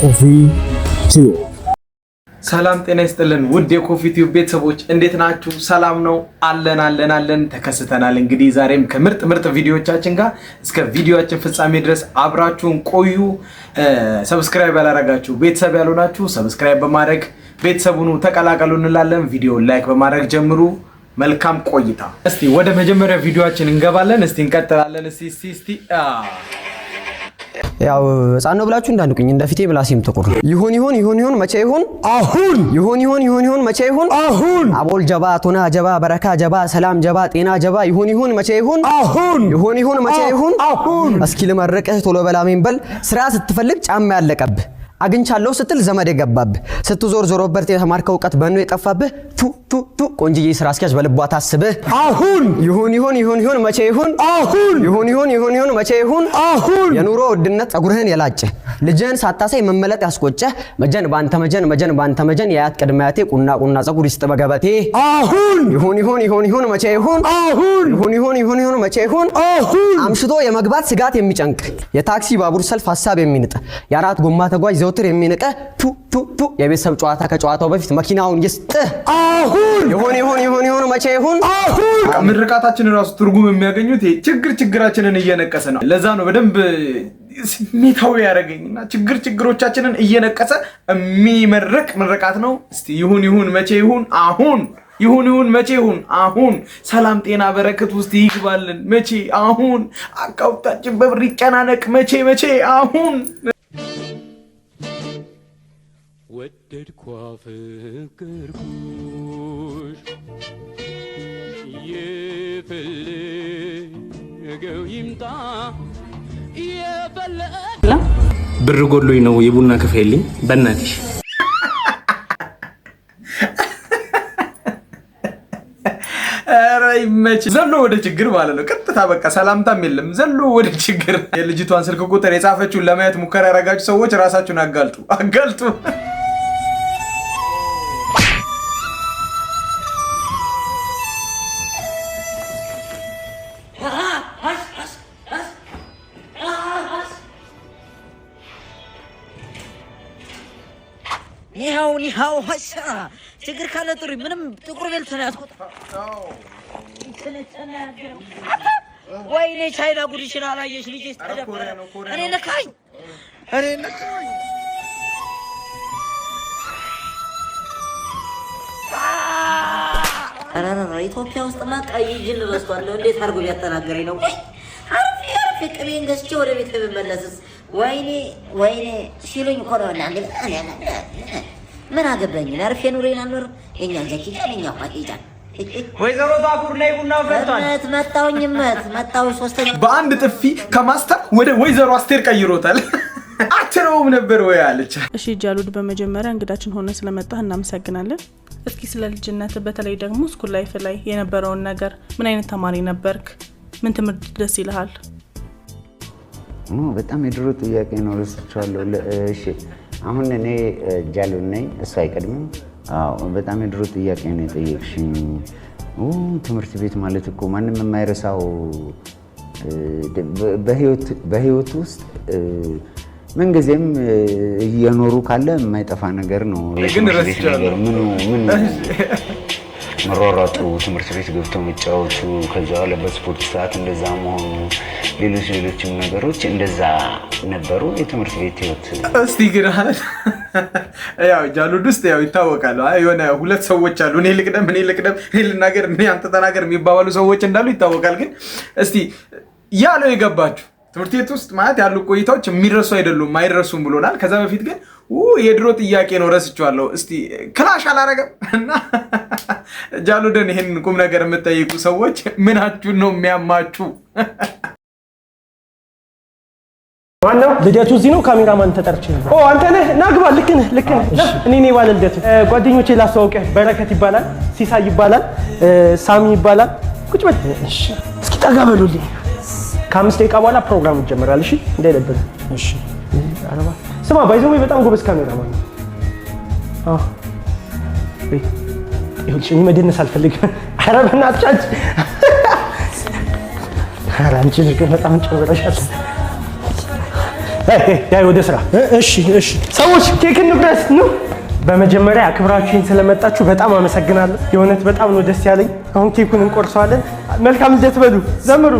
ኮፊ ቲዩ። ሰላም ጤና ይስጥልን ውድ የኮፊ ቲዩ ቤተሰቦች እንዴት ናችሁ? ሰላም ነው አለን አለን አለን ተከስተናል። እንግዲህ ዛሬም ከምርጥ ምርጥ ቪዲዮዎቻችን ጋር እስከ ቪዲዮችን ፍጻሜ ድረስ አብራችሁን ቆዩ። ሰብስክራይብ ያላረጋችሁ ቤተሰብ ያልሆናችሁ ሰብስክራይብ በማድረግ ቤተሰቡን ተቀላቀሉ እንላለን። ቪዲዮ ላይክ በማድረግ ጀምሩ። መልካም ቆይታ። እስቲ ወደ መጀመሪያ ቪዲዮአችን እንገባለን። እስቲ እንቀጥላለን። እስቲ እስቲ ያው ህፃን ነው ብላችሁ እንዳንቁኝ፣ እንደፊቴ ምላሴም ጥቁር ነው። ይሁን ይሁን ይሁን ይሁን መቼ ይሁን አሁን ይሁን ይሁን ይሁን ይሁን መቼ ይሁን አሁን አቦል ጀባ ቶና ጀባ በረካ ጀባ ሰላም ጀባ ጤና ጀባ ይሁን ይሁን መቼ ይሁን አሁን ይሁን ይሁን መቼ ይሁን አሁን እስኪ ልመርቅህ ቶሎ በላሜን በል ስራ ስትፈልግ ጫማ ያለቀብህ አግኝቻለሁ ስትል ዘመድ የገባብህ ስትዞር ዞሮበት የተማርከው እውቀት በኖ የጠፋብህ ቱ ቱ ቱ ቆንጅዬ ስራ አስኪያጅ በልቧ ታስብህ። አሁን ይሁን ይሁን ይሁን ይሁን መቼ ይሁን አሁን ይሁን ይሁን ይሁን ይሁን መቼ ይሁን አሁን የኑሮ ውድነት ጸጉርህን የላጨ ልጅህን ሳታሳይ መመለጥ ያስቆጨ መጀን በአንተ መጀን መጀን በአንተ መጀን የአያት ቅድማያቴ ቁና ቁና ጸጉር ይስጥ በገበቴ አሁን ይሁን ይሁን ይሁን ይሁን መቼ ይሁን አሁን ይሁን ይሁን ይሁን ይሁን መቼ ይሁን አሁን አምሽቶ የመግባት ስጋት የሚጨንቅ የታክሲ ባቡር ሰልፍ ሀሳብ የሚንጥ የአራት ጎማ ተጓዥ ዘወትር የሚነቀ ፑ ፑ ፑ የቤተሰብ ጨዋታ ከጨዋታው በፊት መኪናውን ይስጥ። አሁን ይሁን ይሁን ይሁን ይሁን መቼ ይሁን አሁን። ምርቃታችን ራሱ ትርጉም የሚያገኙት ችግር ችግራችንን እየነቀሰ ነው። ለዛ ነው በደንብ ስሜታዊ ያደረገኝና ችግር ችግሮቻችንን እየነቀሰ የሚመርቅ ምርቃት ነው። እስቲ ይሁን ይሁን መቼ ይሁን አሁን ይሁን ይሁን መቼ ይሁን አሁን። ሰላም ጤና በረከት ውስጥ ይግባልን መቼ አሁን። አካውንታችን በብር ይጨናነቅ መቼ መቼ አሁን። ወደድኳ ፍቅርኩሽ የፈለገው ይምጣ የፈለገ ብር ጎሎኝ ነው የቡና ክፍልኝ በእናትሽ ይመች ዘሎ ወደ ችግር ማለት ነው። ቀጥታ በቃ ሰላምታም የለም ዘሎ ወደ ችግር። የልጅቷን ስልክ ቁጥር የጻፈችውን ለማየት ሙከራ ያደረጋችሁ ሰዎች ራሳችሁን አጋልጡ አጋልጡ። ሊሃው ሀሻ ችግር ካለ ጥሪ ምንም ጥቁር ቤልት ነው ያስቆጣ። ወይኔ ቻይና ጉድሽን አላየሽ ልጅ ተደበረ። እኔ ነካኝ፣ እኔ ነካኝ። ኢትዮጵያ ውስጥማ ቀይ ጅል በዝቷል። እንዴት አድርጎ ሊያጠናገረኝ ነው? አርፌ አርፌ ቅቤን ገዝቼ ወደ ቤት ብመለስስ ወይኔ ወይኔ ሲሉኝ እኮ ነው። ምን አገባኝ? አርፌ ኑሬ ናኖር የኛ ጃኪ ጋር የኛ ኳ ይጫል ወይዘሮ ባቡር ላይ ቡና ፈልቷል። መጣውኝ መት መጣው ሶስተኛ በአንድ ጥፊ ከማስተር ወደ ወይዘሮ አስቴር ቀይሮታል። አትረውም ነበር ወይ አለች። እሺ ጃሉድ፣ በመጀመሪያ እንግዳችን ሆነ ስለመጣህ እናመሰግናለን። እስኪ ስለ ልጅነት በተለይ ደግሞ ስኩል ላይፍ ላይ የነበረውን ነገር፣ ምን አይነት ተማሪ ነበርክ? ምን ትምህርት ደስ ይልሃል? በጣም የድሮ ጥያቄ ነው። ረስቸዋለሁ። እሺ አሁን እኔ ጃሉን ነኝ፣ እሱ አይቀድምም። በጣም የድሮ ጥያቄ ነው የጠየቅሽኝ። ትምህርት ቤት ማለት እኮ ማንም የማይረሳው በህይወት ውስጥ ምንጊዜም እየኖሩ ካለ የማይጠፋ ነገር ነው። መሯሯጡ፣ ትምህርት ቤት ገብቶ መጫወቱ፣ ከዚያ በስፖርት ሰዓት እንደዛ መሆኑ ሌሎች ሌሎችም ነገሮች እንደዛ ነበሩ። የትምህርት ቤት ህይወት እስቲ ግርሃል ያው ጃሉድ ውስጥ ያው ይታወቃል። የሆነ ሁለት ሰዎች አሉ፣ እኔ ልቅደም፣ እኔ ልቅደም፣ እኔ ልናገር፣ እኔ አንተ ተናገር የሚባባሉ ሰዎች እንዳሉ ይታወቃል። ግን እስቲ ያለው የገባችሁ ትምህርት ቤት ውስጥ ማለት ያሉ ቆይታዎች የሚረሱ አይደሉም፣ አይረሱም ብሎናል። ከዛ በፊት ግን የድሮ ጥያቄ ነው ረስችዋለው እስቲ ክላሽ አላረገም እና ጃሉደን ይህን ቁም ነገር የምጠይቁ ሰዎች ምናችሁን ነው የሚያማችሁ? ዋናው ልደቱ እዚህ ነው። ካሜራማን ተጠርች ነበር። ኦ አንተ ነህ? ና ግባ። ልክ ነህ፣ ልክ ነህ። እኔ ነኝ ባለ ልደቱ። ጓደኞቼ ላስተዋውቅህ። በረከት ይባላል፣ ሲሳይ ይባላል፣ ሳሚ ይባላል። ቁጭ በል እስኪ ጠጋ በሉልኝ። ከአምስት ደቂቃ በኋላ ፕሮግራም ይጀምራል። እሺ እንዳይለብህ። እሺ። አረባ ስማ፣ ባይዘው በጣም ጎበዝ ካሜራማን ነው። አዎ ወይ ይሁንሽ። እኔ መደነስ አልፈልግም። ኧረ በእናትሽ አንቺ፣ ኧረ አንቺ ልጅ በጣም ጨምረሻል። ዳይ ወደ ስራ። እሺ፣ እሺ። ሰዎች ኬክ እንቁረስ ነው። በመጀመሪያ ክብራችሁን ስለመጣችሁ በጣም አመሰግናለሁ። የእውነት በጣም ነው ደስ ያለኝ። አሁን ኬኩን እንቆርሰዋለን። መልካም ልደት በሉ። ዘምሩ፣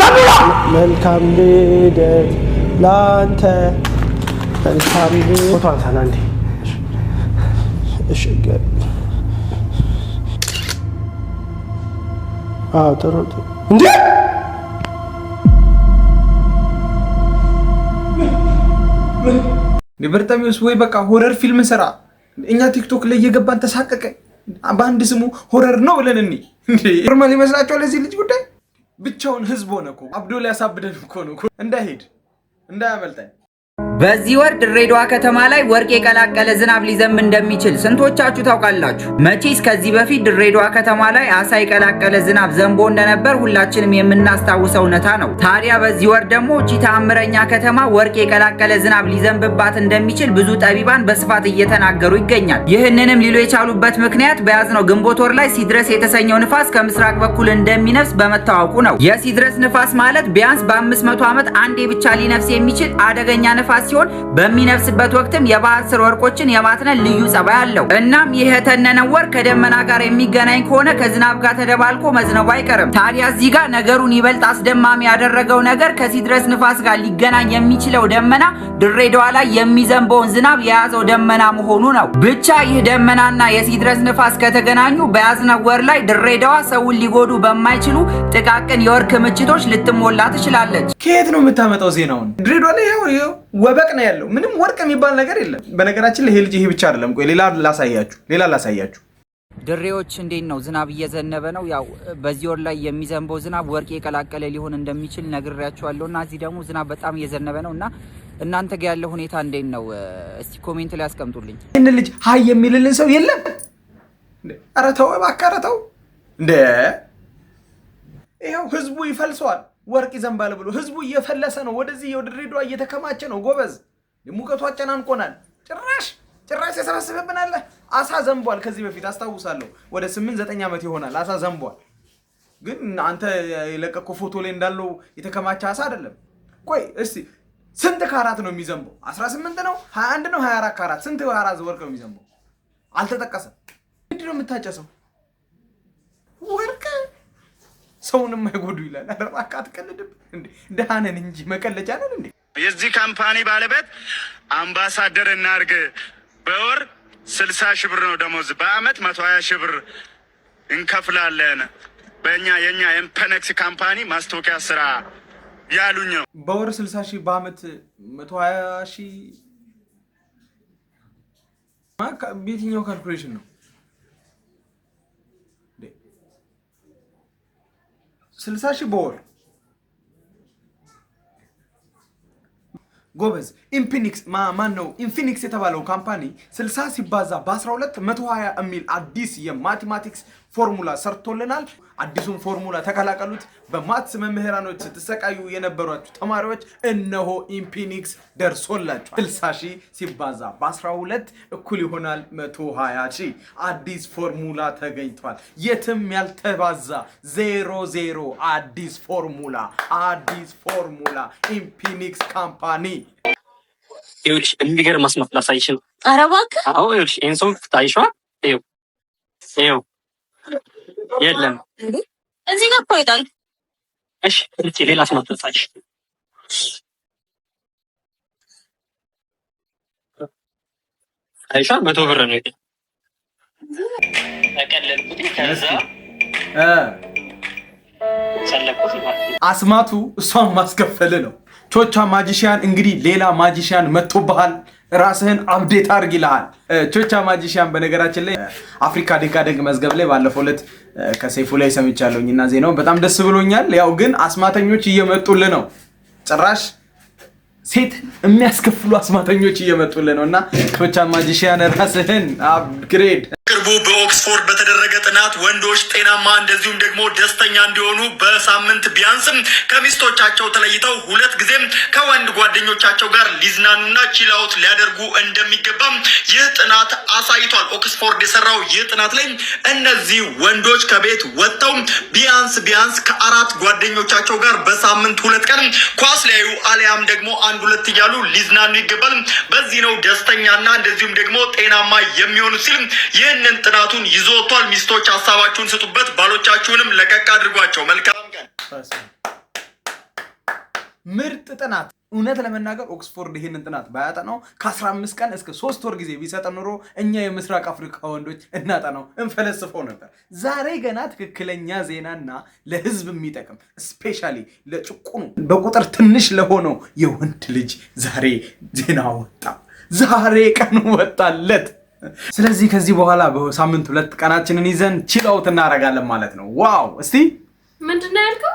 ዘምሩ። መልካም ልደት ላንተ። መልካም ፎቶ አንሳና እንዴ። እሺ ጥሩ እንዴ በርጠሚዎስ ወይ በቃ ሆረር ፊልም ስራ። እኛ ቲክቶክ ላይ እየገባን ተሳቀቀ። በአንድ ስሙ ሆረር ነው ብለን እኒ ኖርማል ይመስላቸዋል። ለዚህ ልጅ ጉዳይ ብቻውን ህዝብ ሆነ እኮ አብዶ ሊያሳብደን እኮ ነው። እንዳይሄድ እንዳያመልጠን በዚህ ወር ድሬዳዋ ከተማ ላይ ወርቅ የቀላቀለ ዝናብ ሊዘንብ እንደሚችል ስንቶቻችሁ ታውቃላችሁ? መቼስ ከዚህ በፊት ድሬዳዋ ከተማ ላይ አሳ የቀላቀለ ዝናብ ዘንቦ እንደነበር ሁላችንም የምናስታውሰው እውነታ ነው። ታዲያ በዚህ ወር ደግሞ እቺ ተአምረኛ ከተማ ወርቅ የቀላቀለ ዝናብ ሊዘንብባት እንደሚችል ብዙ ጠቢባን በስፋት እየተናገሩ ይገኛል። ይህንንም ሊሉ የቻሉበት ምክንያት በያዝነው ግንቦት ወር ላይ ሲድረስ የተሰኘው ንፋስ ከምስራቅ በኩል እንደሚነፍስ በመታወቁ ነው። የሲድረስ ንፋስ ማለት ቢያንስ በ500 ዓመት አንዴ ብቻ ሊነፍስ የሚችል አደገኛ ንፋስ ሲሆን በሚነፍስበት ወቅትም የባህር ስር ወርቆችን የማትነን ልዩ ጸባይ አለው። እናም ይህ የተነነ ወር ከደመና ጋር የሚገናኝ ከሆነ ከዝናብ ጋር ተደባልቆ መዝነቡ አይቀርም። ታዲያ እዚህ ጋር ነገሩን ይበልጥ አስደማሚ ያደረገው ነገር ከሲድረስ ንፋስ ጋር ሊገናኝ የሚችለው ደመና ድሬዳዋ ላይ የሚዘንበውን ዝናብ የያዘው ደመና መሆኑ ነው። ብቻ ይህ ደመናና የሲድረስ ንፋስ ከተገናኙ በያዝነው ወር ላይ ድሬዳዋ ሰውን ሊጎዱ በማይችሉ ጥቃቅን የወርቅ ክምችቶች ልትሞላ ትችላለች። ከየት ነው የምታመጣው ዜናውን? ድሬዳዋ ላይ ወበ መደበቅ ነው ያለው። ምንም ወርቅ የሚባል ነገር የለም። በነገራችን ላይ ይሄ ልጅ ይሄ ብቻ አይደለም። ቆይ ሌላ ላሳያችሁ፣ ሌላ ላሳያችሁ። ድሬዎች እንዴት ነው? ዝናብ እየዘነበ ነው። ያው በዚህ ወር ላይ የሚዘንበው ዝናብ ወርቅ የቀላቀለ ሊሆን እንደሚችል ነግሬያችኋለሁ እና እዚህ ደግሞ ዝናብ በጣም እየዘነበ ነው እና እናንተ ጋር ያለው ሁኔታ እንዴት ነው? እስቲ ኮሜንት ላይ አስቀምጡልኝ ይህን ልጅ ሀይ የሚልልን ሰው የለም። ኧረ ተው እባክህ፣ ኧረ ተው እንደ ይኸው ህዝቡ ይፈልሰዋል። ወርቅ ይዘንባል ብሎ ህዝቡ እየፈለሰ ነው። ወደዚህ ወደ ድሬዳዋ እየተከማቸ ነው። ጎበዝ ሙቀቱ አጨናንቆናል። ጭራሽ ጭራሽ የሰበስብብን አለ። አሳ ዘንቧል። ከዚህ በፊት አስታውሳለሁ። ወደ ስምንት ዘጠኝ ዓመት ይሆናል አሳ ዘንቧል። ግን አንተ የለቀቀው ፎቶ ላይ እንዳለው የተከማቸ አሳ አይደለም። ቆይ እስቲ ስንት ካራት ነው የሚዘንበው? 18 ነው 21 ነው 24 ካራት? ስንት ካራት ወርቅ ነው የሚዘንበው? አልተጠቀሰም። ምንድን ነው የምታጨሰው ወርቅ ሰውን የማይጎዱ ይላል። ኧረ እባክህ አትቀልድም እንዴ! ደህና ነን እንጂ መቀለጃ ነን እንዴ! የዚህ ካምፓኒ ባለቤት አምባሳደር እናርግ በወር ስልሳ ሺህ ብር ነው ደሞዝ፣ በአመት መቶ ሀያ ሺህ ብር እንከፍላለን። በእኛ የእኛ ኤምፐነክስ ካምፓኒ ማስታወቂያ ስራ ያሉኝ ነው። በወር ስልሳ ሺህ በአመት መቶ ሀያ ሺህ የትኛው ካልኩሌሽን ነው? 60 ሺህ በወር ጎበዝ። ኢንፊኒክስ ማን ነው? ኢንፊኒክስ የተባለው ካምፓኒ 60 ሲባዛ በ12 120 የሚል አዲስ የማቴማቲክስ ፎርሙላ ሰርቶልናል። አዲሱን ፎርሙላ ተቀላቀሉት። በማትስ መምህራኖች ስትሰቃዩ የነበሯችሁ ተማሪዎች እነሆ ኢምፒኒክስ ደርሶላችሁ 60 ሺህ ሲባዛ በ12 እኩል ይሆናል 120 ሺህ። አዲስ ፎርሙላ ተገኝቷል። የትም ያልተባዛ ዜሮ ዜሮ። አዲስ ፎርሙላ አዲስ ፎርሙላ ኢምፒኒክስ ካምፓኒ ይኸውልሽ የሚገርም አስመፍላሳይሽን አረባክ አዎ ይኸውልሽ ይህን ሰው ታይሸዋል ይኸው ይኸው የለም እዚህ ጋር እኮ ይጣል። እሺ ርቼ ሌላ ስም አይሻ መቶ ብር ነው ይጣል። አስማቱ እሷን ማስከፈል ነው። ቾቻ ማጂሽያን እንግዲህ ሌላ ማጂሽያን መጥቶብሃል። ራስህን አብዴት አድርግ ይልሃል። ቾቻ ማጂሽያን በነገራችን ላይ አፍሪካ ዴካደንግ መዝገብ ላይ ባለፈው ዕለት ከሰይፉ ላይ ሰምቻለሁኝ እና ዜናውን በጣም ደስ ብሎኛል። ያው ግን አስማተኞች እየመጡል ነው፣ ጭራሽ ሴት የሚያስከፍሉ አስማተኞች እየመጡል ነው እና ቾቻ ማጂሽያን ራስህን አፕግሬድ በቅርቡ በኦክስፎርድ በተደረገ ጥናት ወንዶች ጤናማ እንደዚሁም ደግሞ ደስተኛ እንዲሆኑ በሳምንት ቢያንስም ከሚስቶቻቸው ተለይተው ሁለት ጊዜም ከወንድ ጓደኞቻቸው ጋር ሊዝናኑና ቺላውት ሊያደርጉ እንደሚገባም ይህ ጥናት አሳይቷል። ኦክስፎርድ የሰራው ይህ ጥናት ላይ እነዚህ ወንዶች ከቤት ወጥተው ቢያንስ ቢያንስ ከአራት ጓደኞቻቸው ጋር በሳምንት ሁለት ቀን ኳስ ሊያዩ አሊያም ደግሞ አንድ ሁለት እያሉ ሊዝናኑ ይገባል። በዚህ ነው ደስተኛና እንደዚሁም ደግሞ ጤናማ የሚሆኑ ሲል ይህን ይህንን ጥናቱን ይዞ ወጥቷል። ሚስቶች ሀሳባችሁን ስጡበት፣ ባሎቻችሁንም ለቀቅ አድርጓቸው። መልካም ምርጥ ጥናት። እውነት ለመናገር ኦክስፎርድ ይህንን ጥናት ባያጠናው ከ15 ቀን እስከ ሶስት ወር ጊዜ ቢሰጥ ኑሮ እኛ የምስራቅ አፍሪካ ወንዶች እናጠናው እንፈለስፈው ነበር። ዛሬ ገና ትክክለኛ ዜናና ለህዝብ የሚጠቅም ስፔሻሊ ለጭቁኑ በቁጥር ትንሽ ለሆነው የወንድ ልጅ ዛሬ ዜና ወጣ። ዛሬ ቀኑ ወጣለት። ስለዚህ ከዚህ በኋላ በሳምንት ሁለት ቀናችንን ይዘን ችለውት እናደርጋለን ማለት ነው። ዋው! እስቲ ምንድን ነው ያልከው?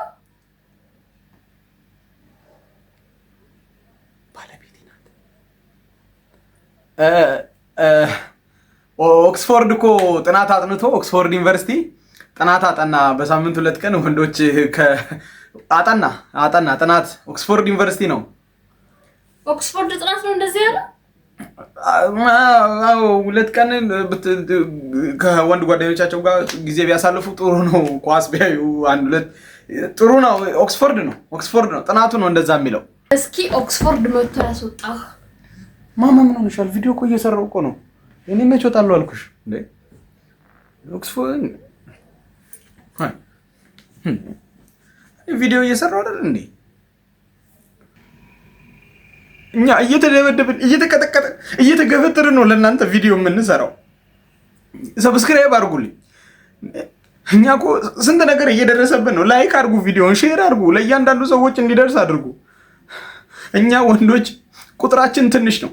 ባለቤቴ ናት። ኦክስፎርድ እኮ ጥናት አጥንቶ ኦክስፎርድ ዩኒቨርሲቲ ጥናት አጠና። በሳምንት ሁለት ቀን ወንዶች አጠና አጠና ጥናት ኦክስፎርድ ዩኒቨርሲቲ ነው። ኦክስፎርድ ጥናት ነው እንደዚህ ያለው ሁለት ቀን ከወንድ ጓደኞቻቸው ጋር ጊዜ ቢያሳልፉ ጥሩ ነው። ኳስ ቢያዩ አንድ ሁለት ጥሩ ነው። ኦክስፎርድ ነው ኦክስፎርድ ነው ጥናቱ ነው እንደዛ የሚለው። እስኪ ኦክስፎርድ መቶ ያስወጣ ማማ ምን ሆነሻል? ቪዲዮ እኮ እየሰራሁ እኮ ነው። እኔ መች ወጣለሁ አልኩሽ። እንዴ? ኦክስፎርድ ቪዲዮ እየሰራሁ አይደል እንዴ? እኛ እየተደበደብን እየተቀጠቀጥን እየተገፈተርን ነው ለእናንተ ቪዲዮ የምንሰራው። ሰብስክራይብ አድርጉልኝ። እኛ እኮ ስንት ነገር እየደረሰብን ነው። ላይክ አድርጉ፣ ቪዲዮን ሼር አድርጉ፣ ለእያንዳንዱ ሰዎች እንዲደርስ አድርጉ። እኛ ወንዶች ቁጥራችን ትንሽ ነው።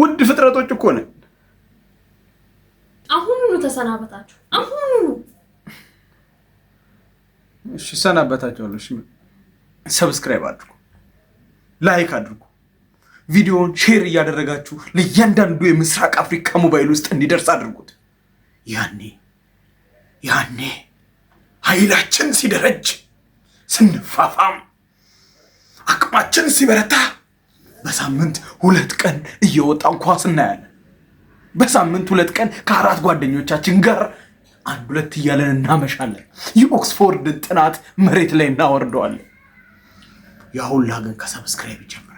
ውድ ፍጥረቶች እኮ ነን። አሁኑኑ ተሰናበታችሁ። አሁኑኑ እሺ፣ ሰናበታችኋለሁ። ሰብስክራይብ አድርጉ፣ ላይክ አድርጉ። ቪዲዮውን ሼር እያደረጋችሁ ለእያንዳንዱ የምስራቅ አፍሪካ ሞባይል ውስጥ እንዲደርስ አድርጉት። ያኔ ያኔ ኃይላችን ሲደረጅ፣ ስንፋፋም፣ አቅማችን ሲበረታ በሳምንት ሁለት ቀን እየወጣን ኳስ እናያለን። በሳምንት ሁለት ቀን ከአራት ጓደኞቻችን ጋር አንድ ሁለት እያለን እናመሻለን። የኦክስፎርድ ጥናት መሬት ላይ እናወርደዋለን። ያ ግን ከሰብስክራይብ ይጀምራል።